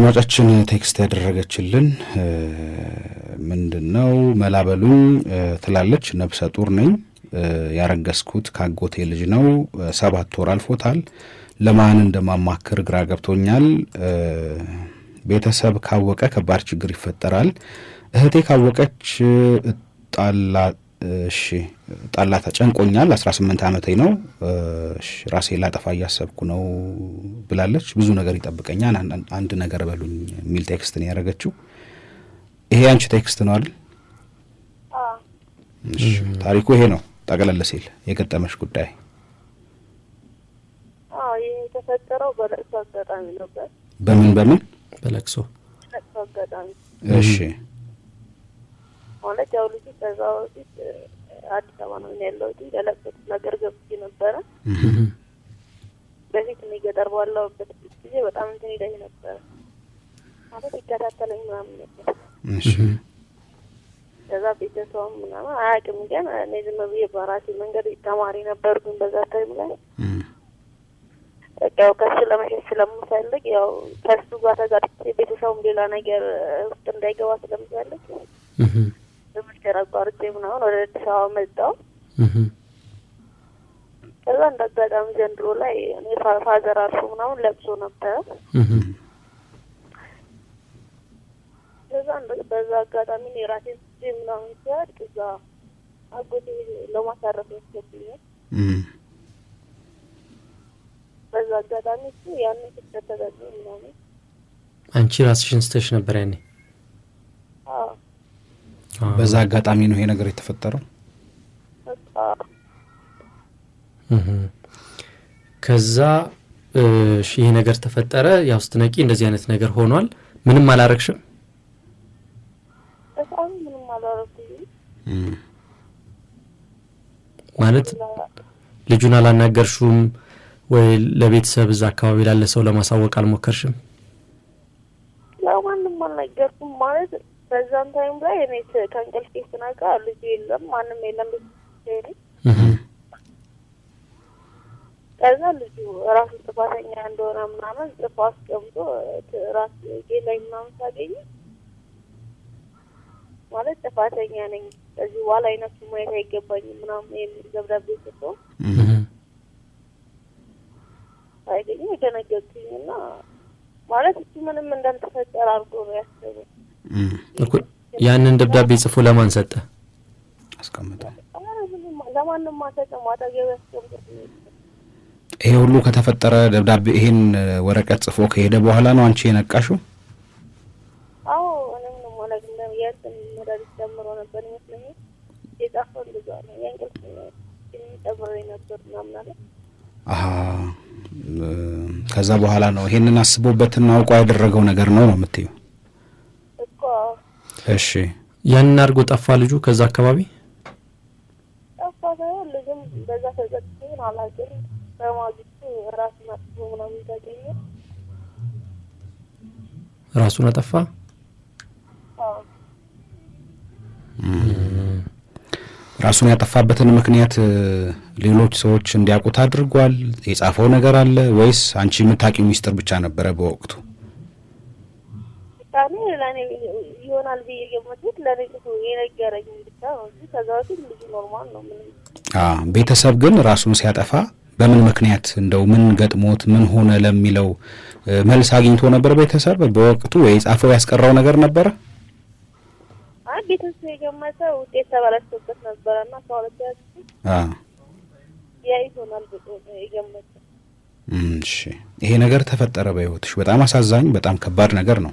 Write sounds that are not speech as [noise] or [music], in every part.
አድማጫችን ቴክስት ያደረገችልን ምንድን ነው ትላለች። ነብሰ ጡር ነኝ። ያረገዝኩት ካጎቴ ልጅ ነው። ሰባት ወር አልፎታል። ለማን እንደማማክር ግራ ገብቶኛል። ቤተሰብ ካወቀ ከባድ ችግር ይፈጠራል። እህቴ ካወቀች እሺ ጣላ ተጨንቆኛል፣ 18 ዓመቴ ነው፣ ራሴ ላጠፋ እያሰብኩ ነው ብላለች። ብዙ ነገር ይጠብቀኛል፣ አንድ ነገር በሉኝ የሚል ቴክስት ነው ያደረገችው። ይሄ አንቺ ቴክስት ነው አይደል? ታሪኩ ይሄ ነው ጠቅለል ሲል የገጠመሽ ጉዳይ። የተፈጠረው በለቅሶ አጋጣሚ ነበር። በምን በምን? በለቅሶ አጋጣሚ። እሺ ማለት ያው ልጅ ከዛ በፊት አዲስ አበባ ነው ያለሁት። ያለበትን ነገር ገብቼ ነበረ። በፊት እኔ ገጠር ባለሁበት ጊዜ በጣም እንትን ይለኝ ነበረ ማለት ይከታተለኝ ምናምን ነበር። ከዛ ቤተሰቡም ምናምን አያውቅም፣ ግን እኔ ዝም ብዬ በራሴ መንገድ ተማሪ ነበርኩኝ በዛ ታይም ላይ ያው ከሱ ለመሸሽ ስለምፈልግ ያው ከሱ ጋር ተጋጥቼ ቤተሰቡም ሌላ ነገር ውስጥ እንዳይገባ ስለምፈልግ በዊልቸር አቋርጬ ምናምን ወደ አዲስ አበባ መጣው። ከዛ እንደ አጋጣሚ ዘንድሮ ላይ እኔ ፋዘር አርፎ ምናምን ለብሶ ነበረ። ከዛ በዛ አጋጣሚ እኔ ራሴን ስዜ ምናምን ሲያድቅ እዛ አጎቴ ለማሳረፍ ያስገብኛል። በዛ አጋጣሚ እሱ ያንን ክፍተት ተጠቅሞ ምናምን አንቺ ራስሽን ስተሽ ነበር ያኔ በዛ አጋጣሚ ነው ይሄ ነገር የተፈጠረው። ከዛ ይሄ ነገር ተፈጠረ። ያው ስትነቂ እንደዚህ አይነት ነገር ሆኗል። ምንም አላረግሽም? ማለት ልጁን አላናገርሹም ወይ ለቤተሰብ እዛ አካባቢ ላለ ሰው ለማሳወቅ አልሞከርሽም? ያው ማንም አልነገርኩም ማለት በዛም ታይም ላይ እኔ ከእንቅልፌ ስነቃ ልጁ የለም፣ ማንም የለም። ከዛ ልጁ ራሱ ጥፋተኛ እንደሆነ ምናምን ጽፎ አስቀምጦ ጌ ላይ ምናምን ሳገኝ ማለት ጥፋተኛ ነኝ፣ ከዚህ በኋላ አይነቱ ማየት አይገባኝ ምናምን የሚል ደብዳቤ ጽፎ ሳይገኝ እና ማለት እሱ ምንም እንዳልተፈጠረ አድርጎ ነው ያሰበኝ። ያንን ደብዳቤ ጽፎ ለማን ሰጠ? አስቀምጠ ይሄ ሁሉ ከተፈጠረ ደብዳቤ ይሄን ወረቀት ጽፎ ከሄደ በኋላ ነው አንቺ የነቃሽው? አሀ ከዛ በኋላ ነው ይሄንን አስቦበትና አውቆ ያደረገው ነገር ነው ነው የምትይው? እሺ ያንን አድርጎ ጠፋ ልጁ ከዛ አካባቢ ጠፋ ሳይሆን በዛ ተዘግቶን በማግስቱ ራሱ መጥፎ ምናምን ተገኘ። ራሱን አጠፋ። ራሱን ያጠፋበትን ምክንያት ሌሎች ሰዎች እንዲያውቁት አድርጓል። የጻፈው ነገር አለ ወይስ አንቺ የምታውቂው ሚስጥር ብቻ ነበረ በወቅቱ? ውሳኔ ለእኔ ይሆናል ብዬ ገመትኩት። ለእኔ የነገረኝ ብቻ ነው እንጂ ከዛ በፊት ልጁ ኖርማል ነው። ምንም ቤተሰብ ግን ራሱን ሲያጠፋ በምን ምክንያት እንደው ምን ገጥሞት ምን ሆነ ለሚለው መልስ አግኝቶ ነበር። ቤተሰብ በወቅቱ የጻፈው ያስቀረው ነገር ነበረ። አይ ቤተሰብ የገመተ ውጤት ተበላሽቶበት ነበረና ከሁለት ያዝ ያ ይሆናል የገመተ። እሺ ይሄ ነገር ተፈጠረ በህይወትሽ። በጣም አሳዛኝ፣ በጣም ከባድ ነገር ነው።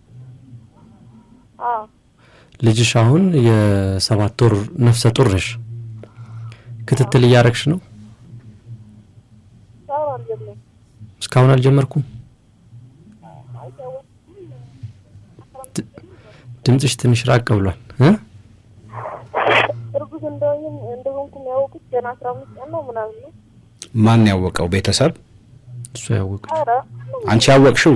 ልጅሽ አሁን የሰባት ወር ነፍሰ ጡር ነሽ። ክትትል እያረግሽ ነው? እስካሁን አልጀመርኩም። ድምፅሽ ትንሽ ራቅ ብሏል። እርጉዝ ያወቁት ገና አስራ አምስት ቀን ነው ምናምን ነው። ማን ያወቀው? ቤተሰብ? እሷ ያወቀች። አንቺ ያወቅሽው?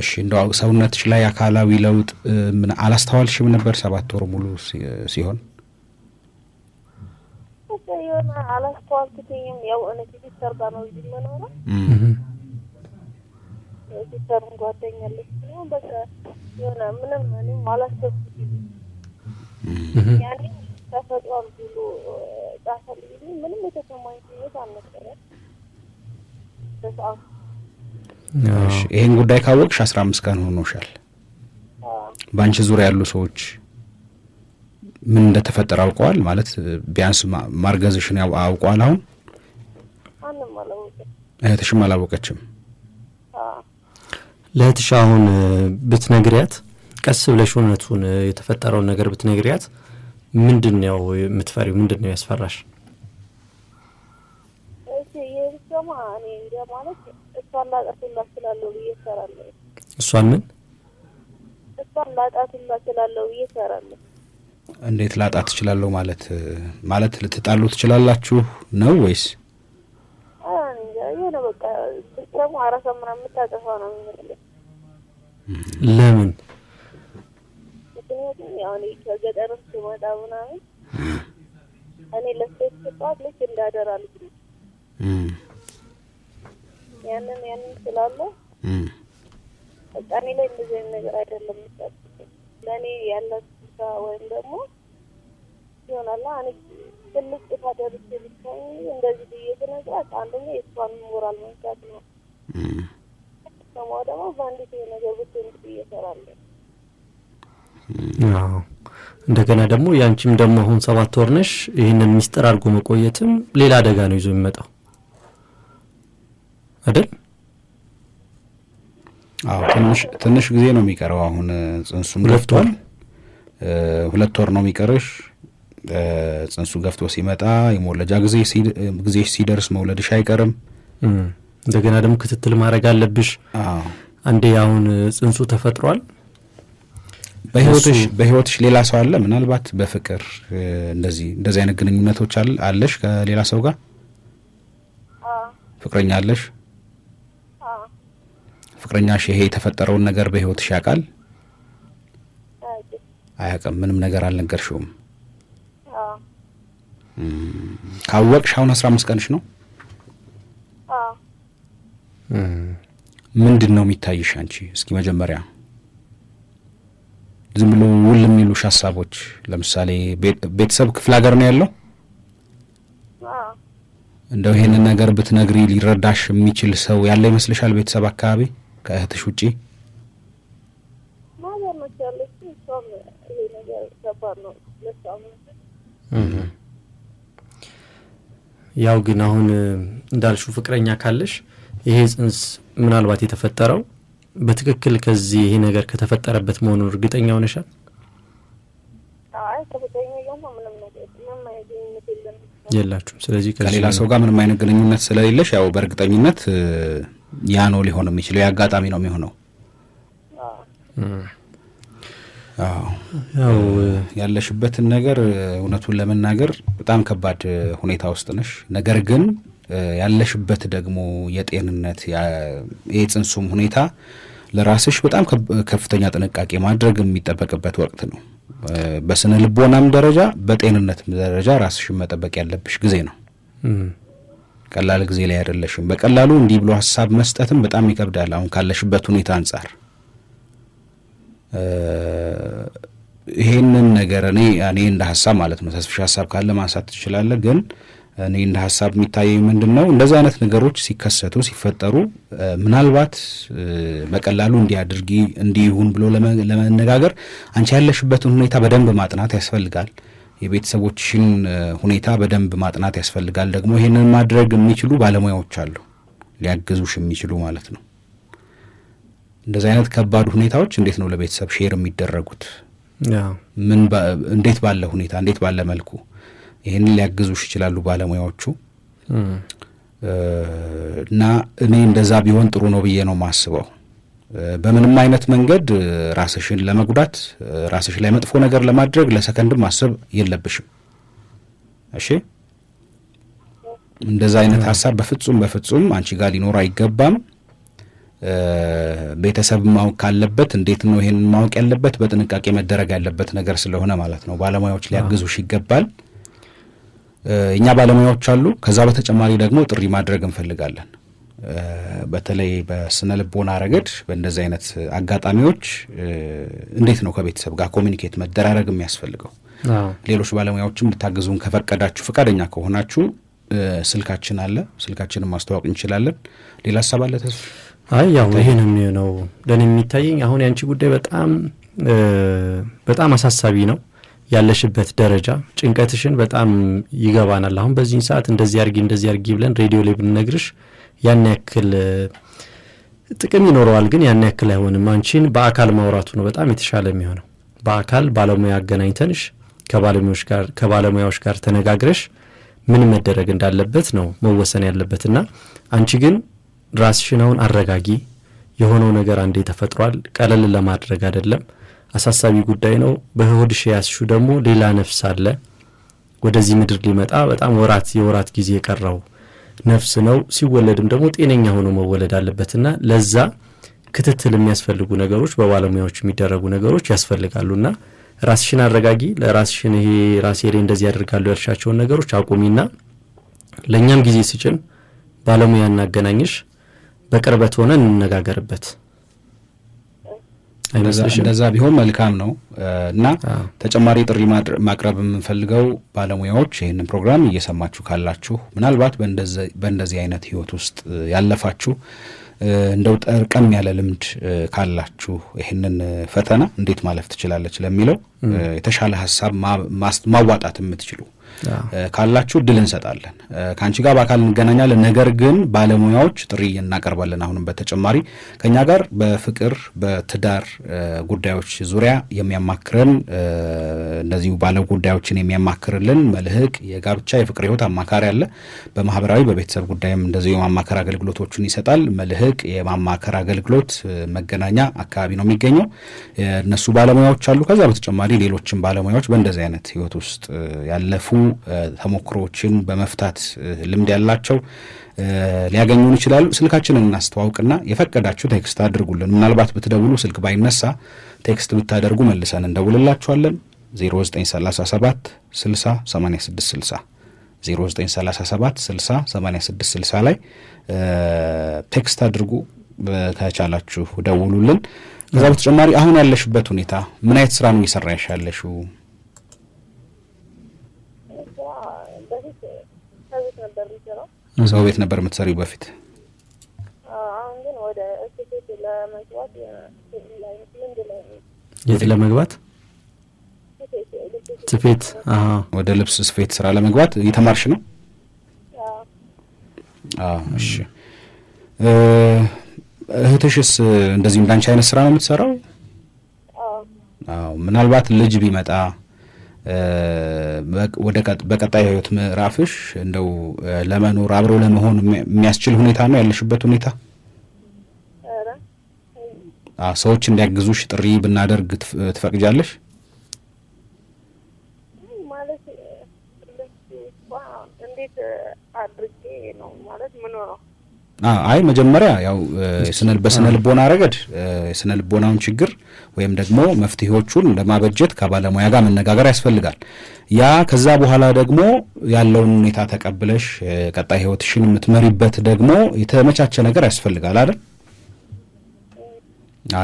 እሺ እንደው ሰውነትሽ ላይ አካላዊ ለውጥ ምን አላስተዋልሽም ነበር? ሰባት ወር ሙሉ ሲሆን የሆነ አላስተዋልኩትኝም። ያው እኔ ሲስተር ጋር ነው የምኖረው። ሲስተር ጓደኛ አለች። በቃ የሆነ ምንም እኔም አላስተዋልኩትም። ያኔ ተፈጥሯል ብሎ ጻፈልኝ። ምንም የተሰማኝ ስሜት አልነበረም በሰዓቱ ይህን ጉዳይ ካወቅሽ አስራ አምስት ቀን ሆኖሻል። በአንቺ ዙሪያ ያሉ ሰዎች ምን እንደተፈጠረ አውቀዋል ማለት ቢያንስ ማርገዝሽን አውቀዋል። አሁን እህትሽም አላወቀችም። ለእህትሽ አሁን ብትነግሪያት ቀስ ብለሽ እውነቱን የተፈጠረውን ነገር ብትነግሪያት ምንድን ነው የምትፈሪው? ምንድን ነው ያስፈራሽ? እሷን ላጣትላት እችላለሁ ብዬ እሰራለሁ። እሷን ምን እሷን ላጣት እችላለሁ ብዬ እሰራለሁ። እንዴት ላጣት እችላለሁ ማለት ማለት ልትጣሉ ትችላላችሁ ነው ወይስ የሆነ በቃ ደግሞ አራሳ ምናምን የምታጠፋ ነው የሚመስለኝ። ለምን ምክንያቱም ያው ከገጠር ስመጣ ምናምን እኔ ለስቴት ስጧት ልክ እንዳደራ እንዳደራልኩ ያንን ያንን ስላለ በቃ እኔ ላይ እንደዚህ አይነት ነገር አይደለም። ለእኔ ያለ ያላት ወይም ደግሞ ይሆናላ እኔ ትልቅ ጥፋት ደርሼ ቢታይ እንደዚህ ብዬ ስነግራት አንደኛ የእሷን ሞራል መንካት ነው። ሰማ ደግሞ በአንዲት ነገር ብትንት ብዬ እሰራለሁ። እንደገና ደግሞ ያንቺም ደግሞ አሁን ሰባት ወር ነሽ። ይህንን ሚስጥር አድርጎ መቆየትም ሌላ አደጋ ነው ይዞ የሚመጣው አይደል? አዎ ትንሽ ጊዜ ነው የሚቀረው። አሁን ጽንሱም ገፍቷል። ሁለት ወር ነው የሚቀርሽ። ጽንሱ ገፍቶ ሲመጣ የመወለጃ ጊዜ ሲደርስ መውለድሽ አይቀርም። እንደገና ደግሞ ክትትል ማድረግ አለብሽ። አንዴ አሁን ጽንሱ ተፈጥሯል። በህይወትሽ ሌላ ሰው አለ። ምናልባት በፍቅር እንደዚህ እንደዚህ አይነት ግንኙነቶች አለሽ ከሌላ ሰው ጋር ፍቅረኛ አለሽ ፍቅረኛሽ ይሄ የተፈጠረውን ነገር በህይወትሽ ያውቃል? አያውቅም። ምንም ነገር አልነገርሽውም? ካወቅሽ አሁን አስራ አምስት ቀንሽ ነው። ምንድን ነው የሚታይሽ አንቺ? እስኪ መጀመሪያ ዝም ብሎ ውል የሚሉሽ ሀሳቦች፣ ለምሳሌ ቤተሰብ ክፍለ ሀገር ነው ያለው። እንደው ይሄንን ነገር ብትነግሪ ሊረዳሽ የሚችል ሰው ያለ ይመስልሻል ቤተሰብ አካባቢ? ከእህትሽ ውጪ ያው ግን አሁን እንዳልሽው ፍቅረኛ ካለሽ ይሄ ጽንስ ምናልባት የተፈጠረው በትክክል ከዚህ ይሄ ነገር ከተፈጠረበት መሆኑን እርግጠኛ ሆነሻል? የላችሁም። ስለዚህ ከሌላ ሰው ጋር ምንም አይነት ግንኙነት ስለሌለሽ ያው በእርግጠኝነት ያ ነው ሊሆን የሚችለው። የአጋጣሚ ነው የሚሆነው። ያው ያለሽበትን ነገር እውነቱን ለመናገር በጣም ከባድ ሁኔታ ውስጥ ነሽ። ነገር ግን ያለሽበት ደግሞ የጤንነት የጽንሱም ሁኔታ ለራስሽ በጣም ከፍተኛ ጥንቃቄ ማድረግ የሚጠበቅበት ወቅት ነው። በስነ ልቦናም ደረጃ በጤንነትም ደረጃ ራስሽን መጠበቅ ያለብሽ ጊዜ ነው። ቀላል ጊዜ ላይ አይደለሽም። በቀላሉ እንዲህ ብሎ ሀሳብ መስጠትም በጣም ይከብዳል። አሁን ካለሽበት ሁኔታ አንጻር ይሄንን ነገር እኔ እኔ እንደ ሀሳብ ማለት ነው ተስፍሽ ሀሳብ ካለ ማንሳት ትችላለህ። ግን እኔ እንደ ሀሳብ የሚታየኝ ምንድን ነው እንደዚህ አይነት ነገሮች ሲከሰቱ ሲፈጠሩ ምናልባት በቀላሉ እንዲያድርጊ እንዲሁን ብሎ ለመነጋገር አንቺ ያለሽበትን ሁኔታ በደንብ ማጥናት ያስፈልጋል። የቤተሰቦችን ሁኔታ በደንብ ማጥናት ያስፈልጋል። ደግሞ ይህንን ማድረግ የሚችሉ ባለሙያዎች አሉ፣ ሊያግዙሽ የሚችሉ ማለት ነው። እንደዚህ አይነት ከባድ ሁኔታዎች እንዴት ነው ለቤተሰብ ሼር የሚደረጉት? ምን እንዴት ባለ ሁኔታ እንዴት ባለ መልኩ ይህንን ሊያግዙሽ ይችላሉ ባለሙያዎቹ። እና እኔ እንደዛ ቢሆን ጥሩ ነው ብዬ ነው የማስበው። በምንም አይነት መንገድ ራስሽን ለመጉዳት ራስሽ ላይ መጥፎ ነገር ለማድረግ ለሰከንድም ማሰብ የለብሽም። እሺ፣ እንደዛ አይነት ሀሳብ በፍጹም በፍጹም አንቺ ጋር ሊኖር አይገባም። ቤተሰብ ማወቅ ካለበት እንዴት ነው ይሄን ማወቅ ያለበት? በጥንቃቄ መደረግ ያለበት ነገር ስለሆነ ማለት ነው። ባለሙያዎች ሊያግዙሽ ይገባል። እኛ ባለሙያዎች አሉ። ከዛ በተጨማሪ ደግሞ ጥሪ ማድረግ እንፈልጋለን። በተለይ በስነ ልቦና ረገድ በእንደዚህ አይነት አጋጣሚዎች እንዴት ነው ከቤተሰብ ጋር ኮሚኒኬት መደራረግ የሚያስፈልገው? ሌሎች ባለሙያዎችም ልታግዙን ከፈቀዳችሁ ፈቃደኛ ከሆናችሁ ስልካችን አለ፣ ስልካችንን ማስተዋወቅ እንችላለን። ሌላ ሀሳብ አለ? አይ ያው ይሄ ነው የሚሆነው። ለእኔ የሚታየኝ አሁን የአንቺ ጉዳይ በጣም በጣም አሳሳቢ ነው። ያለሽበት ደረጃ ጭንቀትሽን በጣም ይገባናል። አሁን በዚህን ሰዓት እንደዚህ አርጊ እንደዚህ አርጊ ብለን ሬዲዮ ላይ ብንነግርሽ ያን ያክል ጥቅም ይኖረዋል፣ ግን ያን ያክል አይሆንም። አንቺን በአካል ማውራቱ ነው በጣም የተሻለ የሚሆነው። በአካል ባለሙያ አገናኝተንሽ ከባለሙያዎች ጋር ተነጋግረሽ ምን መደረግ እንዳለበት ነው መወሰን ያለበትና አንቺ ግን ራስሽን አሁን አረጋጊ። የሆነው ነገር አንዴ ተፈጥሯል። ቀለል ለማድረግ አይደለም፣ አሳሳቢ ጉዳይ ነው። በሆድሽ ያስሹ ደግሞ ሌላ ነፍስ አለ ወደዚህ ምድር ሊመጣ በጣም ወራት የወራት ጊዜ የቀረው ነፍስ ነው። ሲወለድም ደግሞ ጤነኛ ሆኖ መወለድ አለበትና ለዛ ክትትል የሚያስፈልጉ ነገሮች በባለሙያዎች የሚደረጉ ነገሮች ያስፈልጋሉና ራስሽን አረጋጊ። ለራስሽን ይሄ ራሴሬ እንደዚህ ያደርጋሉ ያልሻቸውን ነገሮች አቁሚና ለእኛም ጊዜ ስጭን፣ ባለሙያ እናገናኝሽ፣ በቅርበት ሆነ እንነጋገርበት። እንደዛ ቢሆን መልካም ነው እና ተጨማሪ ጥሪ ማቅረብ የምንፈልገው ባለሙያዎች ይህንን ፕሮግራም እየሰማችሁ ካላችሁ ምናልባት በእንደዚህ አይነት ህይወት ውስጥ ያለፋችሁ እንደው ጠርቀም ያለ ልምድ ካላችሁ ይህንን ፈተና እንዴት ማለፍ ትችላለች ለሚለው የተሻለ ሀሳብ ማዋጣት የምትችሉ ካላችሁ እድል እንሰጣለን። ከአንቺ ጋር በአካል እንገናኛለን። ነገር ግን ባለሙያዎች ጥሪ እናቀርባለን። አሁንም በተጨማሪ ከኛ ጋር በፍቅር በትዳር ጉዳዮች ዙሪያ የሚያማክረን እንደዚሁ ባለ ጉዳዮችን የሚያማክርልን መልህቅ የጋብቻ የፍቅር ህይወት አማካሪ አለ። በማህበራዊ በቤተሰብ ጉዳይም እንደዚሁ የማማከር አገልግሎቶችን ይሰጣል። መልህቅ የማማከር አገልግሎት መገናኛ አካባቢ ነው የሚገኘው። እነሱ ባለሙያዎች አሉ። ከዛ በተጨማሪ ሌሎችም ባለሙያዎች በእንደዚህ አይነት ህይወት ውስጥ ያለፉ ተሞክሮችን በመፍታት ልምድ ያላቸው ሊያገኙን ይችላሉ። ስልካችንን እናስተዋውቅና የፈቀዳችሁ ቴክስት አድርጉልን። ምናልባት ብትደውሉ ስልክ ባይነሳ ቴክስት ብታደርጉ መልሰን እንደውልላችኋለን። 0937 60 86 60 0937 60 86 60 ላይ ቴክስት አድርጉ። ከቻላችሁ ደውሉልን። ከዛ በተጨማሪ አሁን ያለሽበት ሁኔታ ምን አይነት ስራ ነው እየሰራሽ ያለሽው? በፊት ሰው ቤት ነበር የምትሰሪው በፊት? አሁን ግን ወደ እስቴት ለመግባት የት ለመግባት ስፌት ወደ ልብስ ስፌት ስራ ለመግባት እየተማርሽ ነው? እሺ። እህትሽስ እንደዚህም እንዳንቺ አይነት ስራ ነው የምትሰራው? ምናልባት ልጅ ቢመጣ በቀጣይ ህይወት ምዕራፍሽ እንደው ለመኖር አብሮ ለመሆን የሚያስችል ሁኔታ ነው ያለሽበት ሁኔታ። ሰዎች እንዲያግዙሽ ጥሪ ብናደርግ ትፈቅጃለሽ? አይ መጀመሪያ ያው በስነ ልቦና ረገድ የስነ ልቦናውን ችግር ወይም ደግሞ መፍትሄዎቹን ለማበጀት ከባለሙያ ጋር መነጋገር ያስፈልጋል። ያ ከዛ በኋላ ደግሞ ያለውን ሁኔታ ተቀብለሽ ቀጣይ ህይወትሽን የምትመሪበት ደግሞ የተመቻቸ ነገር ያስፈልጋል አይደል?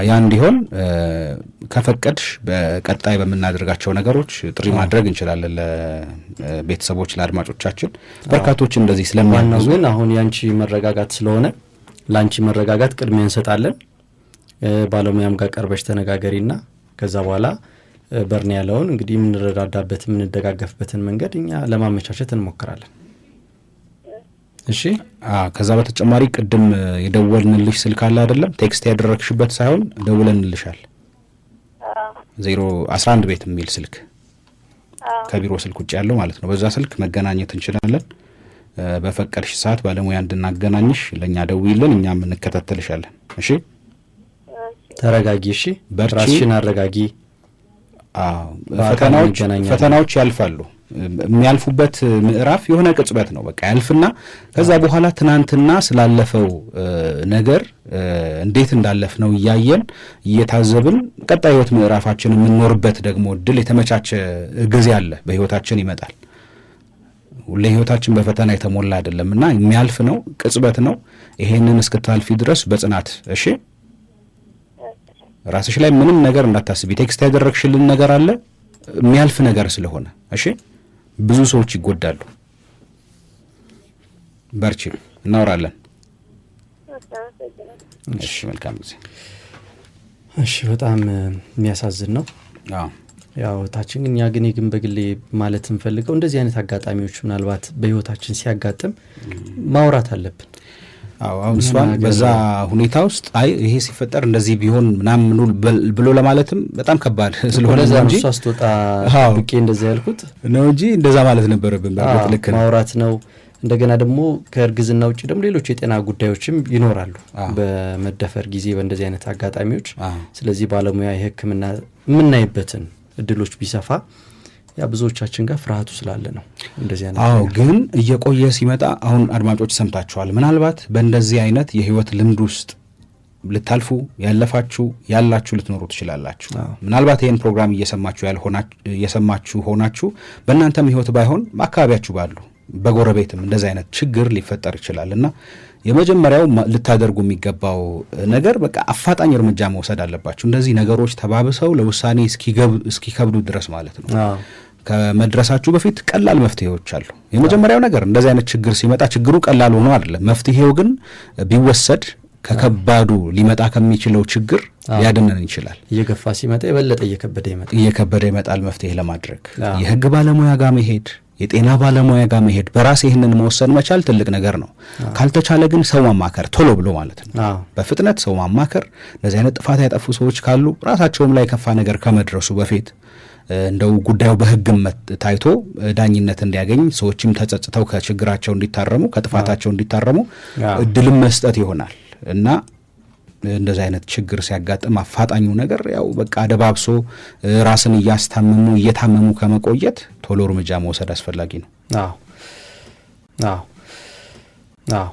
ያ እንዲሆን ከፈቀድሽ በቀጣይ በምናደርጋቸው ነገሮች ጥሪ ማድረግ እንችላለን፣ ለቤተሰቦች ለአድማጮቻችን። በርካቶች እንደዚህ ስለሚያግዙ ግን አሁን ያንቺ መረጋጋት ስለሆነ ለአንቺ መረጋጋት ቅድሚያ እንሰጣለን። ባለሙያም ጋር ቀርበሽ ና ከዛ በኋላ በርን ያለውን እንግዲህ የምንረዳዳበት የምንደጋገፍበትን መንገድ እኛ ለማመቻቸት እንሞክራለን። እሺ ከዛ በተጨማሪ ቅድም የደወልንልሽ ስልክ አለ አይደለም? ቴክስት ያደረግሽበት ሳይሆን ደውለንልሻል። ዜሮ አስራ አንድ ቤት የሚል ስልክ ከቢሮ ስልክ ውጭ ያለው ማለት ነው። በዛ ስልክ መገናኘት እንችላለን። በፈቀድሽ ሰዓት ባለሙያ እንድናገናኝሽ ለእኛ ደውይልን፣ እኛም እንከታተልሻለን። እሺ ተረጋጊ፣ እሺ ራስሽን አረጋጊ። ፈተናዎች ያልፋሉ። የሚያልፉበት ምዕራፍ የሆነ ቅጽበት ነው። በቃ ያልፍና ከዛ በኋላ ትናንትና ስላለፈው ነገር እንዴት እንዳለፍ ነው እያየን እየታዘብን ቀጣይ ህይወት ምዕራፋችን የምንኖርበት ደግሞ እድል የተመቻቸ ጊዜ አለ በህይወታችን ይመጣል። ሁሌ ህይወታችን በፈተና የተሞላ አይደለም እና የሚያልፍ ነው፣ ቅጽበት ነው። ይሄንን እስክታልፊ ድረስ በጽናት እሺ ራስሽ ላይ ምንም ነገር እንዳታስቢ። ቴክስት ያደረግሽልን ነገር አለ የሚያልፍ ነገር ስለሆነ እሺ። ብዙ ሰዎች ይጎዳሉ። በርቺ፣ እናወራለን። እሺ፣ መልካም ጊዜ። እሺ፣ በጣም የሚያሳዝን ነው። ያው ታችን ግን ያ ግን ግን በግሌ ማለት እንፈልገው እንደዚህ አይነት አጋጣሚዎች ምናልባት በህይወታችን ሲያጋጥም ማውራት አለብን። አሁን እሷን በዛ ሁኔታ ውስጥ አይ ይሄ ሲፈጠር እንደዚህ ቢሆን ምናምኑ ብሎ ለማለትም በጣም ከባድ [laughs] ስለሆነ ስትወጣ ብቄ እንደዚ ያልኩት ነው እንጂ እንደዛ ማለት ነበረብን። ልክ ማውራት ነው። እንደገና ደግሞ ከእርግዝና ውጭ ደግሞ ሌሎች የጤና ጉዳዮችም ይኖራሉ በመደፈር ጊዜ በእንደዚህ አይነት አጋጣሚዎች። ስለዚህ ባለሙያ የሕክምና የምናይበትን እድሎች ቢሰፋ ያ ብዙዎቻችን ጋር ፍርሃቱ ስላለ ነው እንደዚህ አይነት። አዎ ግን እየቆየ ሲመጣ አሁን አድማጮች ሰምታችኋል። ምናልባት በእንደዚህ አይነት የህይወት ልምድ ውስጥ ልታልፉ ያለፋችሁ ያላችሁ ልትኖሩ ትችላላችሁ። ምናልባት ይህን ፕሮግራም እየሰማችሁ ሆናችሁ በእናንተም ህይወት ባይሆን በአካባቢያችሁ ባሉ በጎረቤትም እንደዚህ አይነት ችግር ሊፈጠር ይችላል እና የመጀመሪያው ልታደርጉ የሚገባው ነገር በቃ አፋጣኝ እርምጃ መውሰድ አለባችሁ። እንደዚህ ነገሮች ተባብሰው ለውሳኔ እስኪከብዱ ድረስ ማለት ነው። ከመድረሳችሁ በፊት ቀላል መፍትሄዎች አሉ። የመጀመሪያው ነገር እንደዚህ አይነት ችግር ሲመጣ ችግሩ ቀላል ሆኖ አይደለም። መፍትሄው ግን ቢወሰድ ከከባዱ ሊመጣ ከሚችለው ችግር ሊያድነን ይችላል። እየገፋ ሲመጣ የበለጠ እየከበደ ይመጣል። እየከበደ ይመጣል። መፍትሄ ለማድረግ የህግ ባለሙያ ጋር መሄድ የጤና ባለሙያ ጋር መሄድ በራስ ይህንን መወሰን መቻል ትልቅ ነገር ነው። ካልተቻለ ግን ሰው ማማከር ቶሎ ብሎ ማለት ነው፣ በፍጥነት ሰው ማማከር። እንደዚህ አይነት ጥፋት ያጠፉ ሰዎች ካሉ ራሳቸውም ላይ የከፋ ነገር ከመድረሱ በፊት እንደው ጉዳዩ በህግም ታይቶ ዳኝነት እንዲያገኝ ሰዎችም ተጸጽተው ከችግራቸው እንዲታረሙ ከጥፋታቸው እንዲታረሙ እድልም መስጠት ይሆናል እና እንደዚህ አይነት ችግር ሲያጋጥም አፋጣኙ ነገር ያው በቃ አደባብሶ ራስን እያስታመሙ እየታመሙ ከመቆየት ቶሎ እርምጃ መውሰድ አስፈላጊ ነው። አዎ አዎ አዎ።